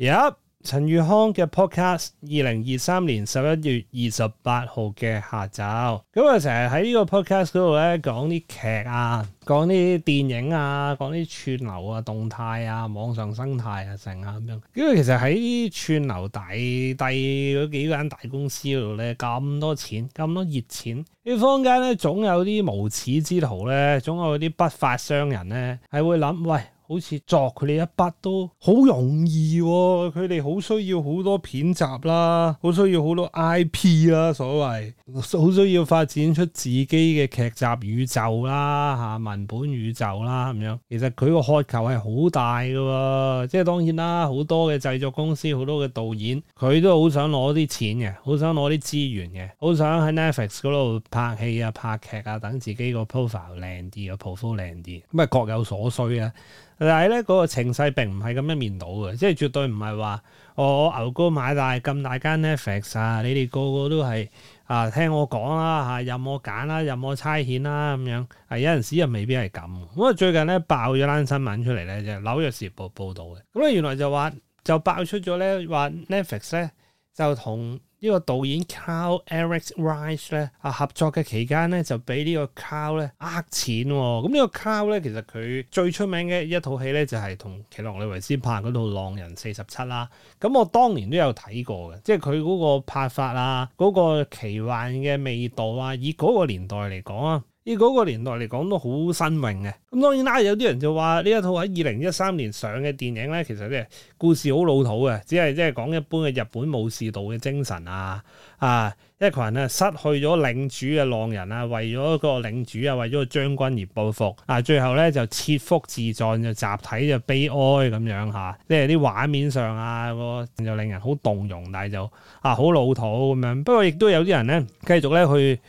Yep，陳宇康嘅 podcast，二零二三年十一月二十八號嘅下晝。咁啊，成日喺呢個 podcast 嗰度咧，講啲劇啊，講啲電影啊，講啲串流啊，動態啊，網上生態啊，成啊咁樣。因為其實喺串流大，第嗰幾間大公司度咧，咁多錢，咁多熱錢，呢坊間咧，總有啲無恥之徒咧，總有啲不法商人咧，係會諗，喂。好似作佢哋一筆都好容易喎、哦，佢哋好需要好多片集啦，好需要好多 IP 啦，所謂好需要發展出自己嘅劇集宇宙啦，嚇、啊、文本宇宙啦咁樣。其實佢個渴求係好大嘅喎、啊，即係當然啦，好多嘅製作公司，好多嘅導演，佢都好想攞啲錢嘅，好想攞啲資源嘅，好想喺 Netflix 嗰度拍戲啊、拍劇啊，等自己個 profile 靚啲，個 profile 靚啲。咁啊，各有所需啊。但係咧，嗰、那個情勢並唔係咁樣面倒嘅，即係絕對唔係話我牛哥買大咁大間 Netflix 啊！你哋個個都係啊聽我講啦嚇，任我揀啦，任我差遣啦咁樣。係、啊、有陣時又未必係咁。咁、嗯、啊，最近咧爆咗單新聞出嚟咧，就係、紐約時報報道嘅。咁、嗯、咧原來就話就爆出咗咧話 Netflix 咧就同。呢個導演 Carl Eric Rice 咧啊合作嘅期間咧就俾呢個 Carl 咧呃錢喎，咁、這、呢個 Carl 咧其實佢最出名嘅一套戲咧就係同奇洛李維斯拍嗰套《浪人四十七》啦，咁我當年都有睇過嘅，即係佢嗰個拍法啊，嗰、那個奇幻嘅味道啊，以嗰個年代嚟講啊。以嗰個年代嚟講都好新穎嘅。咁當然啦，有啲人就話呢一套喺二零一三年上嘅電影咧，其實咧故事好老土嘅，只係即係講一般嘅日本武士道嘅精神啊。啊，一群人失去咗領主嘅浪人啊，為咗個領主啊，為咗個將軍而報復啊。最後咧就切腹自盡，就集體就悲哀咁樣嚇。即係啲畫面上啊，嗰個就令人好動容，但係就啊好老土咁樣。不過亦都有啲人咧繼續咧去。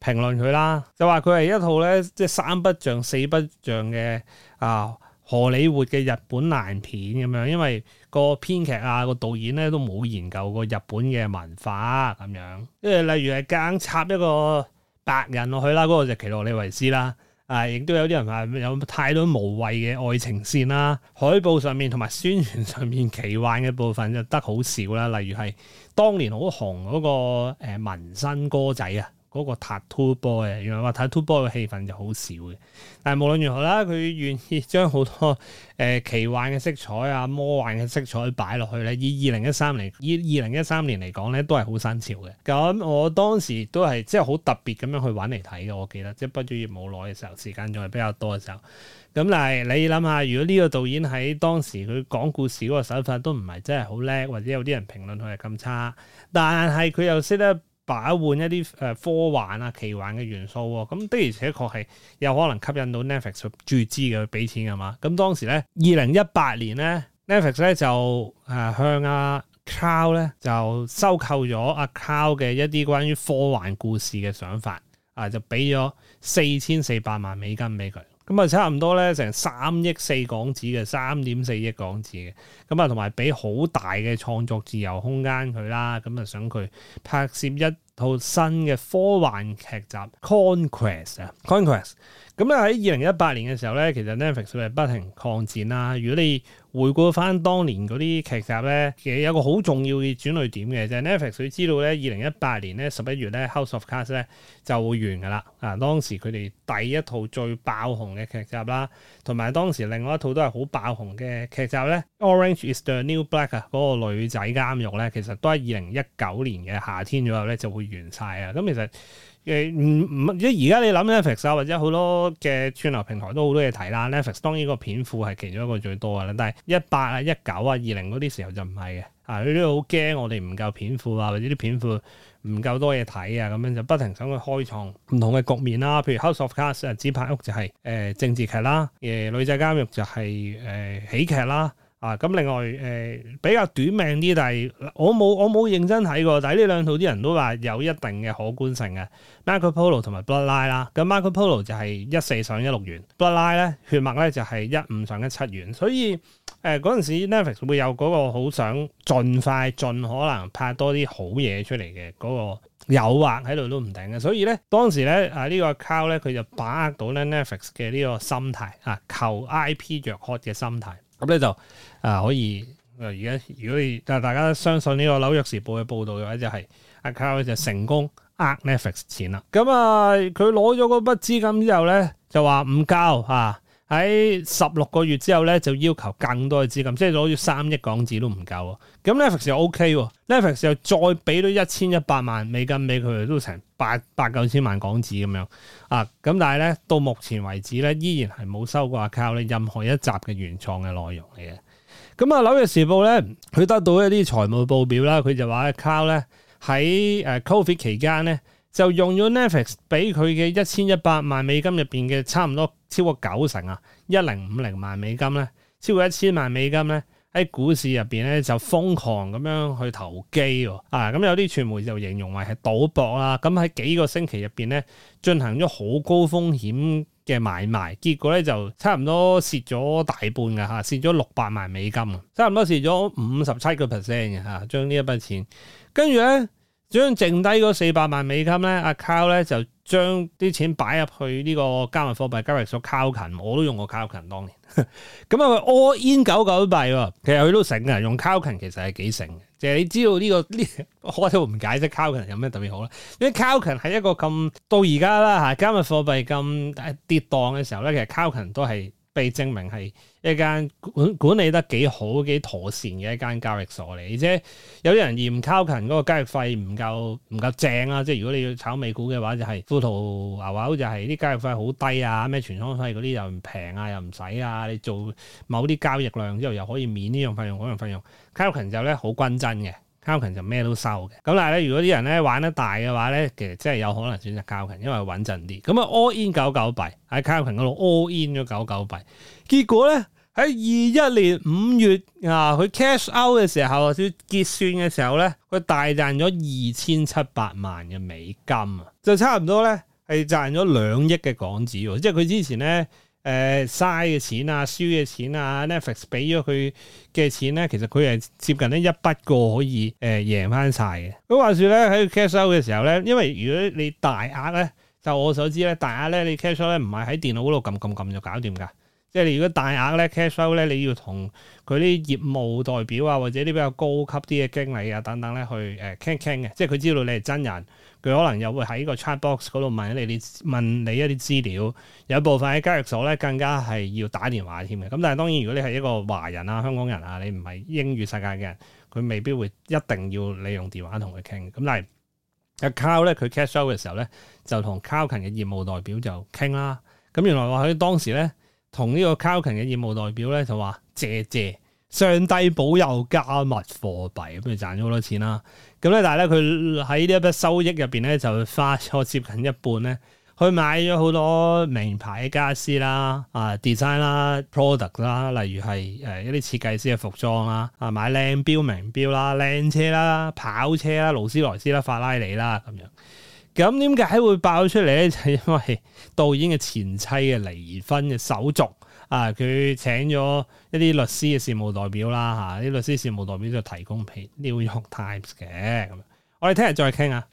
評論佢啦，就話佢係一套咧，即係三不像、四不像嘅啊，荷里活嘅日本爛片咁樣，因為個編劇啊、個導演咧都冇研究過日本嘅文化咁樣。即係例如係硬插一個白人落去啦，嗰個就奇洛李維斯啦，啊，亦都有啲人話有太多無謂嘅愛情線啦。海報上面同埋宣傳上面奇幻嘅部分就得好少啦。例如係當年好紅嗰個誒紋身歌仔啊。嗰個《塔 Two Boy》啊，原來話睇《塔 Two Boy》嘅戲份就好少嘅，但係無論如何啦，佢願意將好多誒奇幻嘅色彩啊、魔幻嘅色彩擺落去咧。以二零一三年，以二零一三年嚟講咧，都係好新潮嘅。咁我當時都係即係好特別咁樣去玩嚟睇嘅，我記得。即係畢咗業冇耐嘅時候，時間仲係比較多嘅時候。咁但係，你諗下，如果呢個導演喺當時佢講故事嗰個手法都唔係真係好叻，或者有啲人評論佢係咁差，但係佢又識得。擺換一啲誒科幻啊、奇幻嘅元素喎，咁的而且確係有可能吸引到 Netflix 注資嘅俾錢㗎嘛。咁當時咧，二零一八年咧，Netflix 咧就誒向阿 Cloud 咧就收購咗阿 Cloud 嘅一啲關於科幻故事嘅想法，啊就俾咗四千四百萬美金俾佢。咁啊，差唔多咧，成三億四港紙嘅，三點四億港紙嘅，咁啊，同埋畀好大嘅創作自由空間佢啦，咁啊，想佢拍攝一一套新嘅科幻劇集 Conquest 啊，Conquest，咁咧喺二零一八年嘅時候咧，其實 Netflix 佢哋不停抗戰啦。如果你回顧翻當年嗰啲劇集咧，其實有個好重要嘅轉捩點嘅，就係 Netflix 佢知道咧，二零一八年咧十一月咧 House of Cards 咧就會完噶啦。啊，當時佢哋第一套最爆紅嘅劇集啦，同埋當時另外一套都係好爆紅嘅劇集咧，Orange is the New Black 啊，嗰個女仔監獄咧，其實都係二零一九年嘅夏天左右咧就會。完晒啊！咁其實嘅唔唔，而家你諗 Netflix 啊，或者好多嘅串流平台都好多嘢睇啦。Netflix 當然個片庫係其中一個最多嘅啦，但係一八啊、一九啊、二零嗰啲時候就唔係嘅啊，佢都好驚我哋唔夠片庫啊，或者啲片庫唔夠多嘢睇啊，咁樣就不停想去開創唔同嘅局面啦。譬如 House of Cards 啊，紙牌屋就係、是、誒、呃、政治劇啦，誒、呃、女仔監獄就係、是、誒、呃、喜劇啦。呃啊，咁另外誒、呃、比較短命啲，但係我冇我冇認真睇過，但係呢兩套啲人都話有一定嘅可觀性嘅。Marco Polo 同埋 Bloodline 啦、啊，咁 Marco Polo 就係一四上一六完，Bloodline 咧血脈咧就係一五上一七完。所以誒嗰陣時 Netflix 會有嗰個好想盡快盡可能拍多啲好嘢出嚟嘅嗰個誘惑喺度都唔停嘅。所以咧當時咧啊、這個、呢個 Carl 咧佢就把握到咧 Netflix 嘅呢個心態啊，求 IP 若渴嘅心態。咁咧、嗯、就啊可以，而家如果你但係大家相信呢、呢個紐約時報嘅報道嘅話，就係阿卡就成功呃 Netflix 錢啦。咁、嗯、啊，佢攞咗嗰筆資金之後咧，就話唔交啊。喺十六個月之後咧，就要求更多嘅資金，即係攞咗三億港紙都唔夠啊！咁 Netflix 又 OK 喎，Netflix 又再俾到一千一百萬美金俾佢哋，都成八八九千萬港紙咁樣啊！咁但係咧，到目前為止咧，依然係冇收過 Carl 任何一集嘅原創嘅內容嚟嘅。咁啊，《紐約時報》咧，佢得到一啲財務報表啦，佢就話 Carl 咧喺誒 COVID 期間咧，就用咗 Netflix 俾佢嘅一千一百萬美金入邊嘅差唔多超過九成啊，一零五零萬美金咧，超過一千萬美金咧，喺股市入邊咧就瘋狂咁樣去投機喎，啊咁有啲傳媒就形容為係賭博啦，咁喺幾個星期入邊咧進行咗好高風險嘅買賣，結果咧就差唔多蝕咗大半嘅吓，蝕咗六百萬美金，差唔多蝕咗五十七個 percent 嘅吓，啊，將呢一筆錢跟住咧。將剩低嗰四百萬美金咧，阿 Carl 咧就將啲錢擺入去呢個加密貨幣交易所。Carlton 我都用過 Carlton 當年。咁啊，All in 狗狗幣，其實佢都醒噶，用 Carlton 其實係幾醒嘅。即係你知道呢個呢，我都唔解啫。Carlton 有咩特別好咧？因為 Carlton 係一個咁到而家啦吓，加密貨幣咁跌盪嘅時候咧，其實 Carlton 都係。被證明係一間管管理得幾好幾妥善嘅一間交易所嚟，而且有啲人嫌 Cow 群嗰個交易費唔夠唔夠正啊！即係如果你要炒美股嘅話，就係富途牛牛好似係啲交易費好低啊，咩全倉費嗰啲又唔平啊，又唔使啊，你做某啲交易量之後又可以免呢樣費用嗰樣費用。Cow 群就咧好均真嘅。交勤就咩都收嘅，咁但係咧，如果啲人咧玩得大嘅話咧，其實真係有可能選擇交勤，因為穩陣啲。咁啊，all in 九九幣喺交勤嗰度 all in 咗九九幣，結果咧喺二一年五月啊，佢 cash out 嘅時候，或者結算嘅時候咧，佢大賺咗二千七百萬嘅美金啊，就差唔多咧係賺咗兩億嘅港紙喎，即係佢之前咧。誒，嘥嘅、呃、錢啊，輸嘅錢啊，Netflix 俾咗佢嘅錢咧、啊，其實佢係接近咧一筆過可以誒贏翻晒嘅。咁、呃、話說咧喺 cash out 嘅時候咧，因為如果你大額咧，就我所知咧，大額咧你 cash out 咧唔係喺電腦嗰度撳撳撳就搞掂噶。即係你如果大額咧 cash show 咧，你要同佢啲業務代表啊，或者啲比較高級啲嘅經理啊等等咧去誒傾一傾嘅。即係佢知道你係真人，佢可能又會喺個 chat box 度問你啲問你一啲資料。有部分喺交易所咧更加係要打電話添嘅。咁但係當然如果你係一個華人啊、香港人啊，你唔係英語世界嘅人，佢未必會一定要你用電話同佢傾。咁但係 account 咧佢 cash show 嘅時候咧，就同 account 嘅業務代表就傾啦。咁原來話喺當時咧。同呢個 c a l l i n 嘅業務代表咧就話謝謝上帝保佑加密貨幣，咁咪賺咗好多錢啦。咁咧，但係咧佢喺呢一筆收益入邊咧，就花咗接近一半咧，去買咗好多名牌嘅家私啦、啊 design 啦、product 啦，例如係誒一啲設計師嘅服裝啦、啊買靚表名表啦、靚車啦、跑車啦、勞斯萊斯啦、法拉利啦咁樣。咁點解會爆出嚟咧？就係因為導演嘅前妻嘅離婚嘅手續啊！佢請咗一啲律師嘅事務代表啦嚇，啲、啊、律師事務代表就提供俾 New York Times 嘅，咁我哋聽日再傾啊！